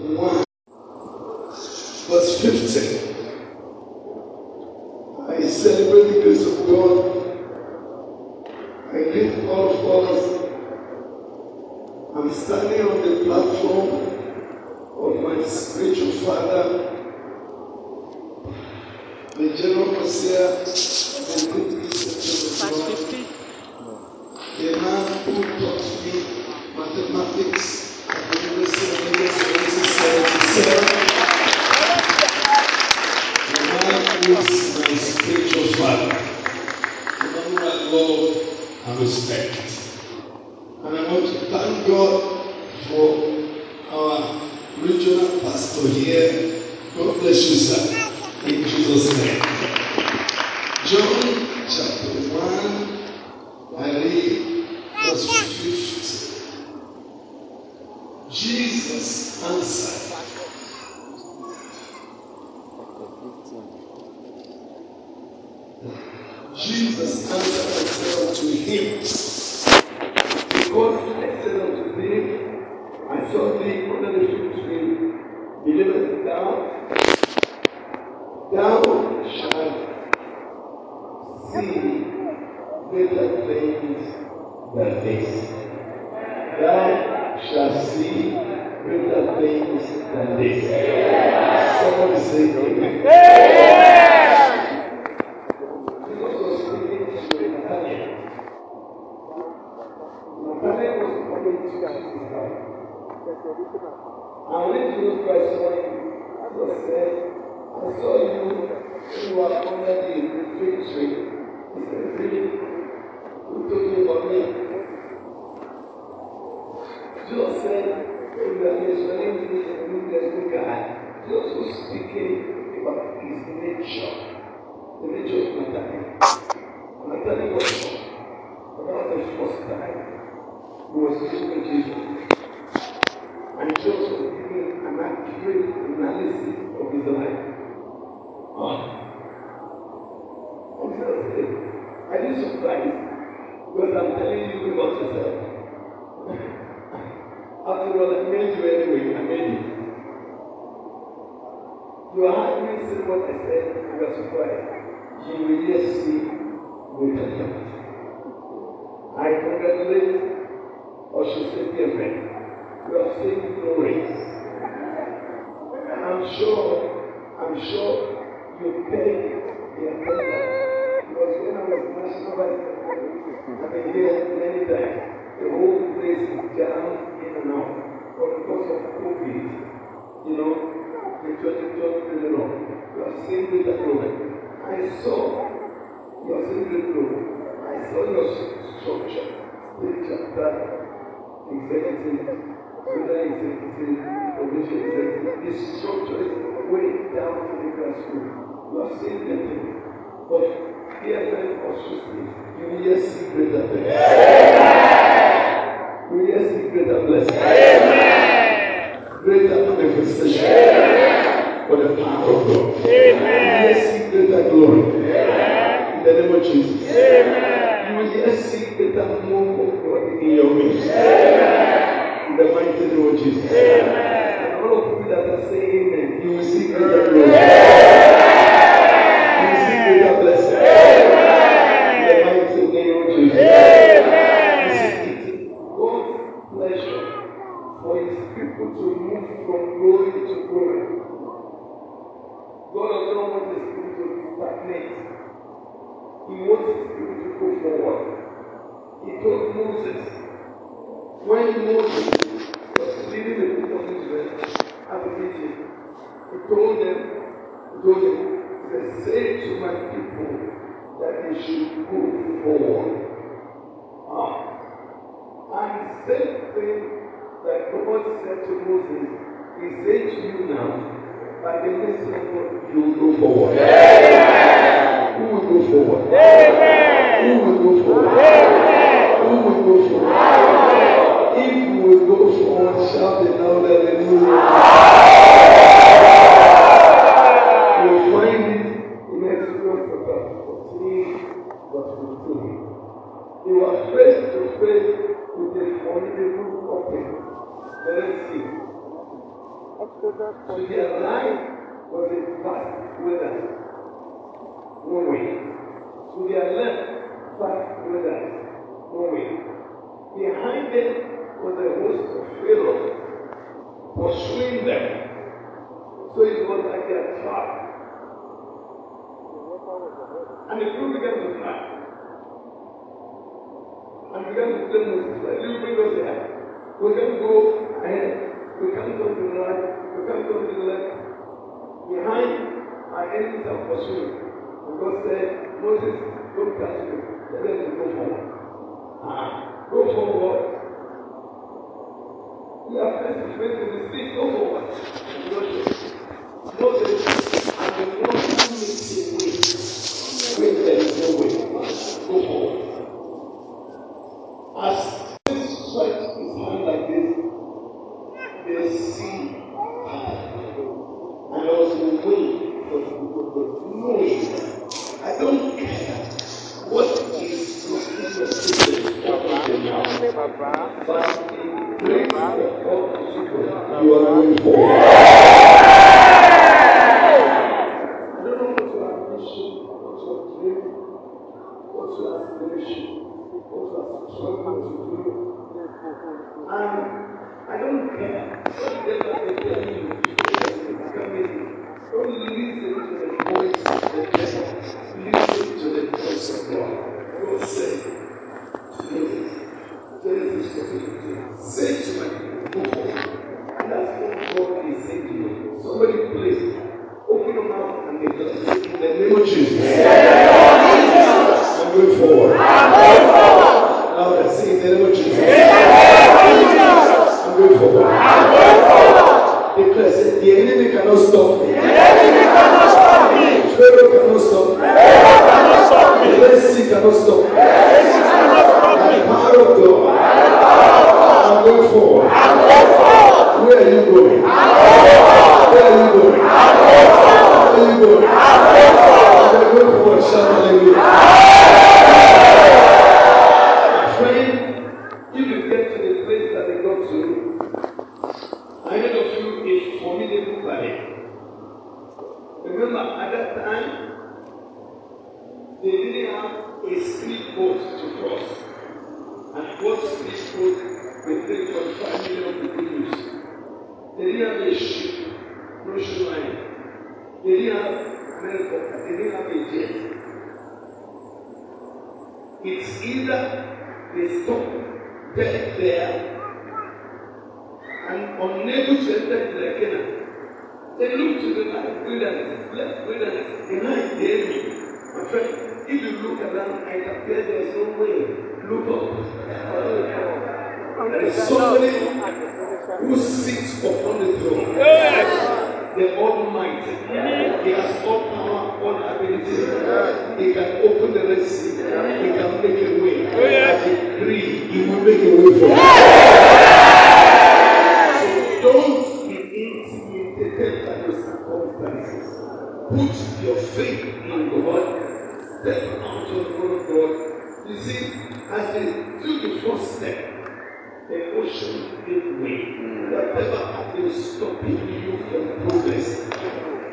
1, verse 15. I celebrate the grace of God. I greet all of us. I'm standing on the platform of my spiritual father, the general Messiah. believe was refused. Jesus answered. Jesus answered and said unto him, Go congratulate or should say friend, You are saying glory. And I'm sure, I'm sure you paid the attendance. Because when I was national vice president, I've been here many times. The whole place is down in and out. But because of COVID, you know, the church is just You have seeing great glory. I saw you have seeing great glory. all your solution they just that executive whether executive commission executive This structure is way down to the grassroots you have seen the thing but pfm also say you hear secret and blessing you hear secret and blessing greater manifestation. for the power of God. Amen. Yes, greater glory. In the name of Jesus. Amen yes, the more of God in your the mighty name Jesus. Amen. And all of you that are saying you will see greater glory. sempre like Robert said to Moses, he said to you now, by the mercy of God, you will go forward. Amen. You will go forward. Amen. You will go forward. Amen. You will go forward. Amen. If you will go forward, to the police. Their life was in with us? No way. To their left, with us. No way. Behind them was a host of Pharaoh pursuing them. So it was like a trap. And the crew began to cry. And began to tell Moses, like, you bring us here. We're going to go ahead come to the right, come to the left. Behind are enemies of pursuing. And God said, Moses, don't touch me. Let them to go forward. Ah, go forward. You are facing facing the sea, go forward. Moses. Moses. tua They looked to the night wilderness, left wilderness, the night daily. My friend, if you look around and appear there is no way, look up. There is somebody who sits upon the throne. The Almighty. He has all power, all ability. He can open the Red Sea. He can make a way. As he breathes, he will make a way for you. às vezes, tudo né? é, hum. é, você é hoje um way. Whatever happens, stopping you from progress.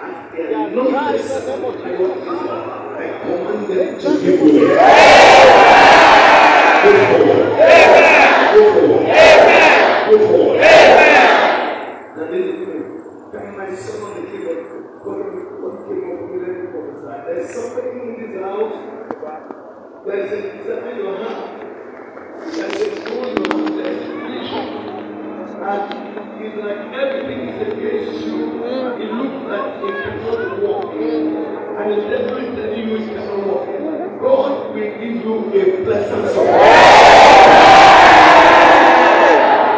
As não are Não less, I want I command them to give way. Go forward. Go forward. Go forward. That is the thing. When my son on the keyboard, one came up to me and prophesied, there's somebody in this house. There is a discipline your hand. There is a school And it's like everything is against you. It looks like it cannot work. And the devil is telling you it cannot work. God will give you a blessing.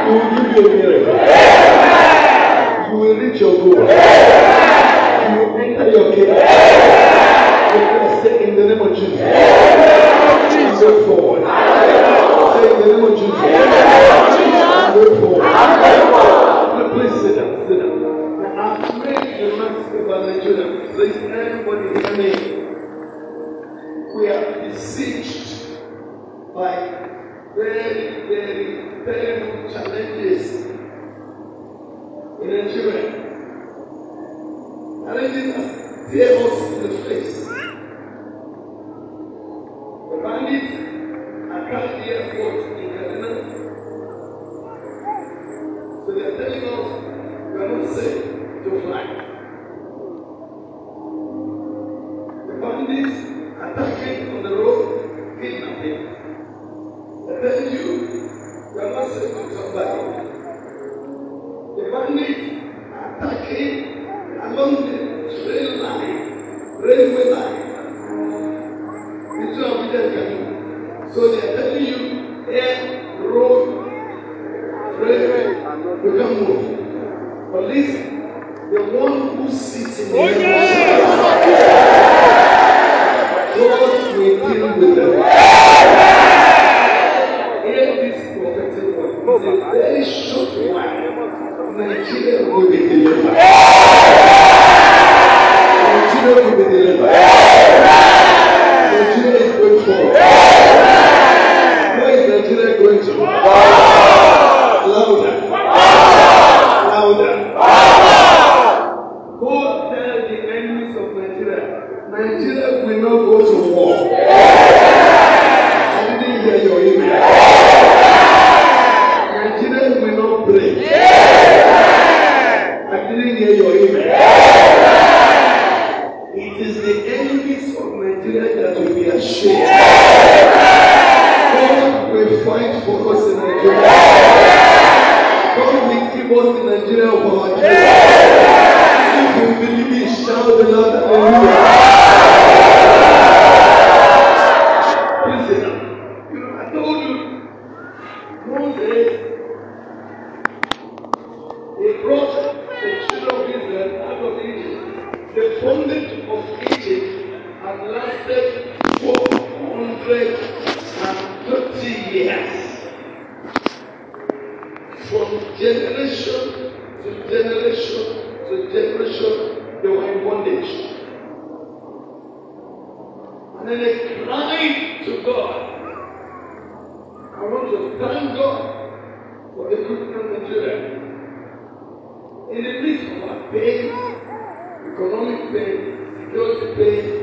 He give you a the massive Nigeria. There is everybody coming. We are besieged by very, very terrible challenges in Nigeria. Challenges that tear us in the face. we can move. But listen, the one who sits in the oh, yeah. see it. Ele me fez, econômico bem, Deus fez,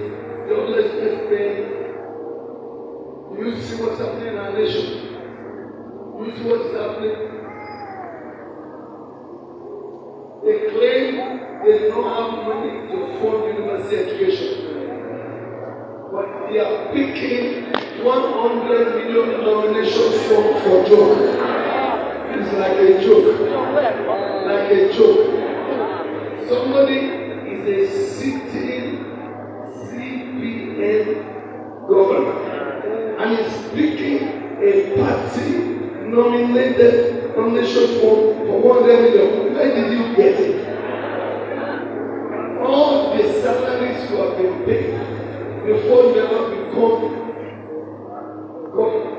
before you ever become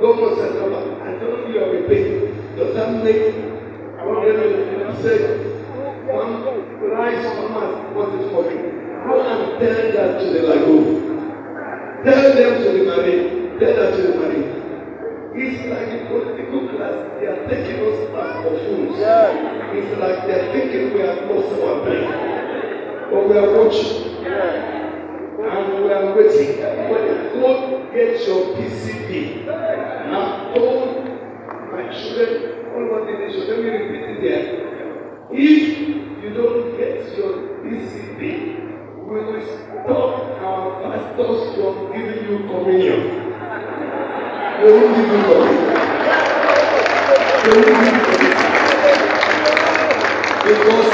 government center bank, I don't know you are repaid. Does that make I want to you say one rice on us what is for you? Go and tell that to the lagoon. Tell them to the marine. Tell that to the marine. It's like the political class, they are taking us as for fools. Yeah. It's like they're thinking we are lost our brain. But we are watching saying that when you go get your PCP, and i told my children all over the nation, let me repeat it here. If you don't get your PCP, we will stop our pastors from giving you communion. They won't give you communion. They won't give you communion. Because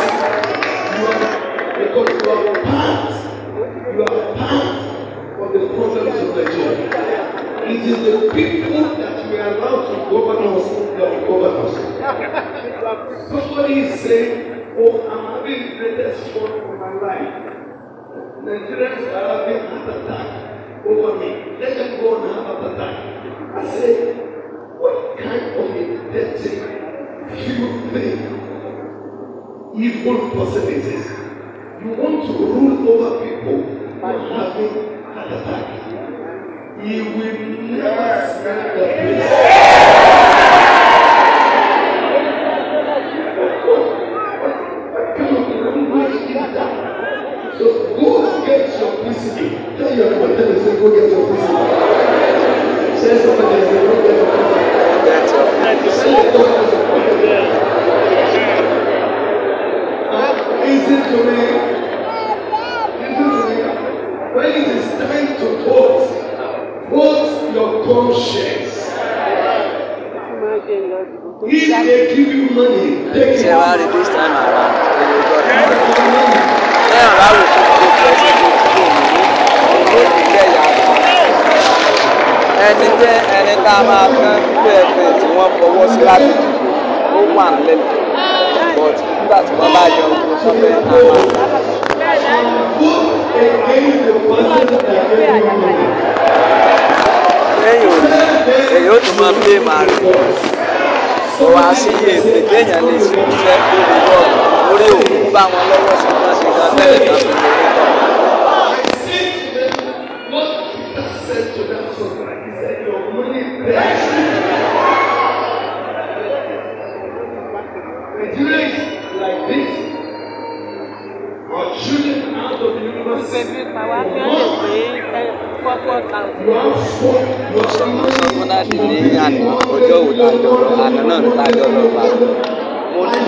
Somebody is saying, Oh, I'm having the greatest fun of my life. Nigerians are having heart attack over me. Let them go and have heart attack. I say, What kind of a dirty human thing? Evil possibilities. You want to rule over people by having heart attack. He will never stand the That's a máa fọwọ́ sí láti dìbò ó wà lẹ́nu but nígbà tí wọ́n bá yọ ohun tó fẹ́ á lẹ́yìn òní èyí ó tún máa pé màá rí kò wá sí iye ètè téèyàn lè ṣe iṣẹ́ lórí bọ́ọ̀lù lórí òkú bá wọn lọ́wọ́ sí wọn ṣe gan tẹ́lẹ̀ náà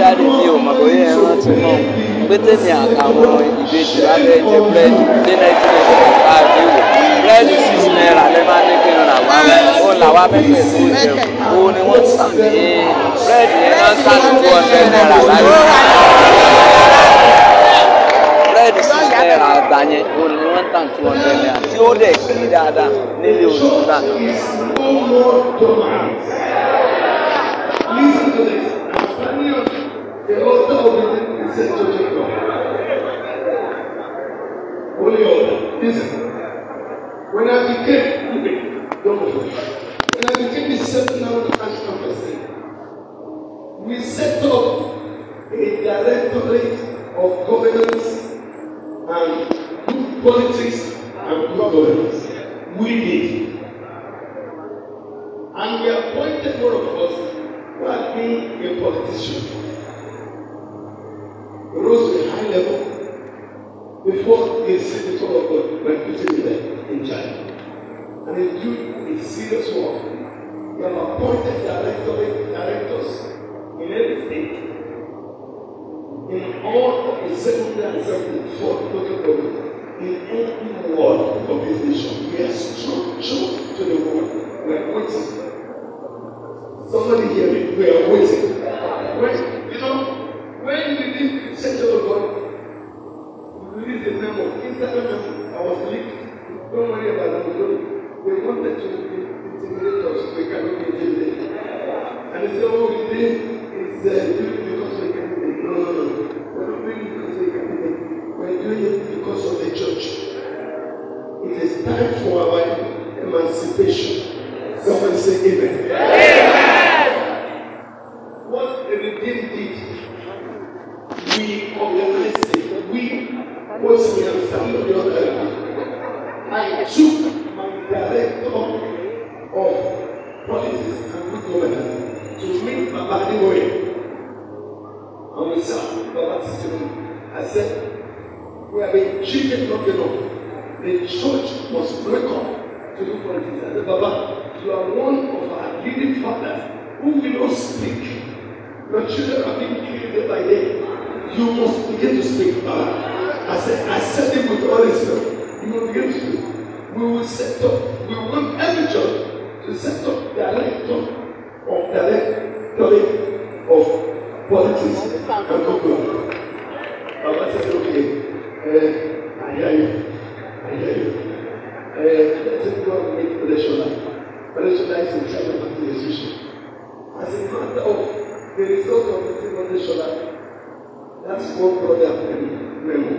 dáàdì mi ò mọ̀ bóyá ẹ rántí mọ́ pété mi àtàwọn ìbejì wa fẹ́ jẹ búrẹ́dì ní nàìjíríà ní káàdì búrẹ́dì six naira lè ní kí n ó là wá mẹ́fẹ̀ẹ́ tó ó ní wọ́n tà ní búrẹ́dì yẹn náà tà ní two hundred naira láti búrẹ́dì sí náírà àgbà yẹn òun ni wọ́n ń two hundred naira tí ó dẹ̀ kí dáadáa nílé oṣù náà. before in any word of this nation. We are structured to the word. We are waiting. anyway wọn mi sá bàbá títí mu i said we have been cheated not enough the church must break up to do politics i said baba you are one of our leading fathers who will not speak your children are being killed day by day you must begin to speak baba i said i said it with all respect you must begin to speak we will set up we want every church to set up their life talk of their life colleague of politics and government. Baba says, okay, uh, I hear you, I hear you. Uh, let him go and make is in charge of the decision. As a matter of the result of the electioner, that's one brother and memo.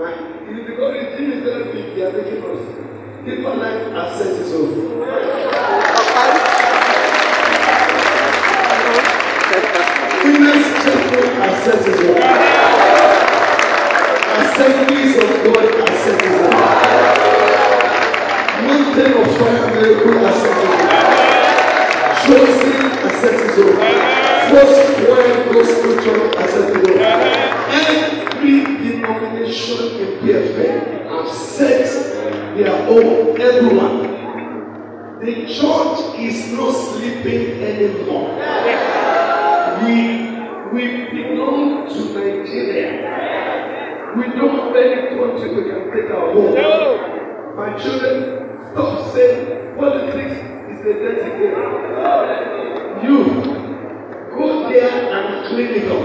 And it is because it is very big, they are making us. People like access is asceticism. Assemblies of God asceticism. Mountain of fire miracle asceticism. Chosen asceticism. First world gospel church asceticism. Every denomination in PFA have set their own, everyone. The church is not sleeping anymore. We We belong to Nigeria. We don't any country we can take our home. No. My children, stop saying politics is a dirty game. You go there and clean it up.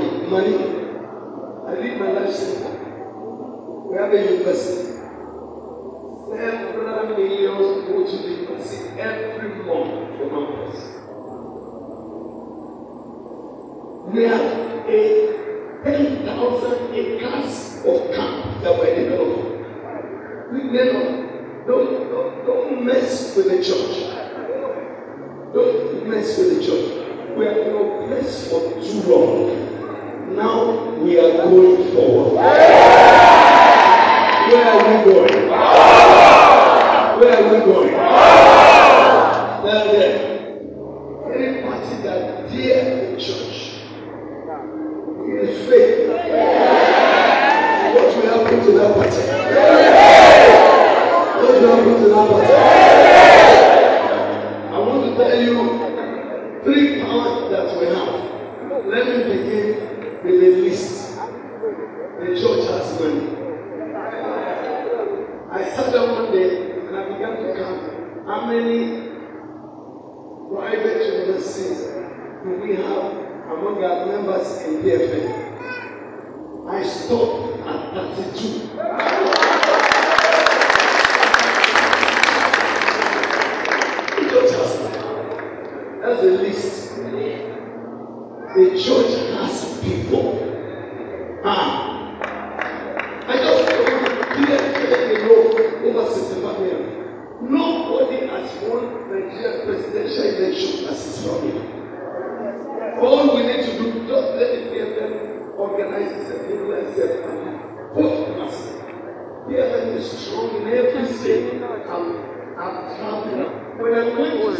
money, money. I live my life simple. We have a Several millions go to the university every month for numbers. We have a 10,000 acres of camp that were developed. We never, don't, don't, don't mess with the church. Don't mess with the church. We are no place for too long. Now we are going forward. Where are we going? Where are we going? There, there. any party that dear the church in faith, what will happen to that party? What will happen to that party? I want to tell you three powers that we have. Let me They were The church has money. I sat down one day and I began to count how many private universities do we have among our members in PFN. I stopped at 32. So,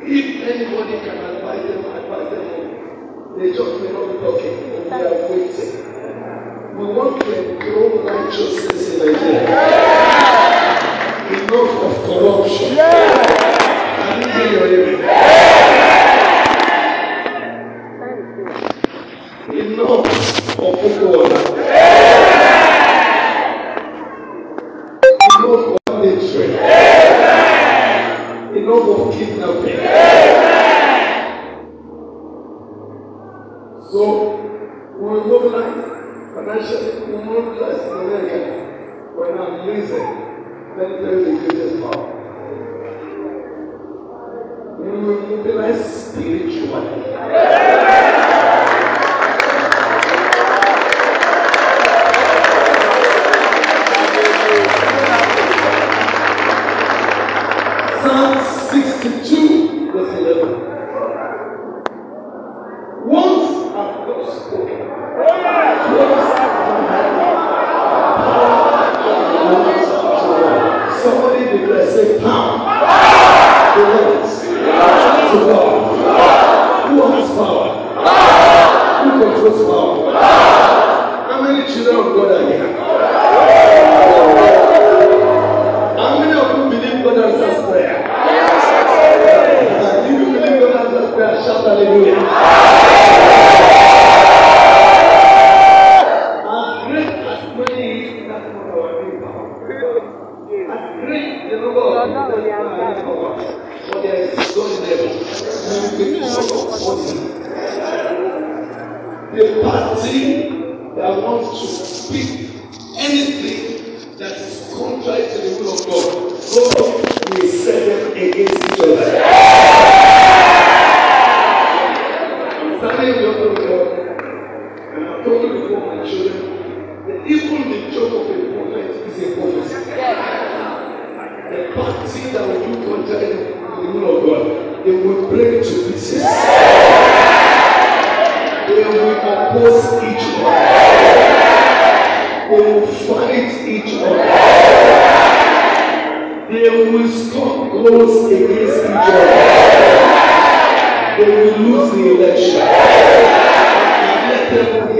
if anybody can advise them, advise them nature may not be working, but we are waiting. We want to enthroned righteousness in Nigeria. Yeah. Enough of corruption. Yeah. And even your enemy. Yeah. Enough of people as well. Even the joke of a prophet is a prophecy. Yeah. The party that will do contain the will of God, they will break to pieces. Yeah. They will oppose each other. They will fight each other. They will stop goals against each other. They will lose the election. Let them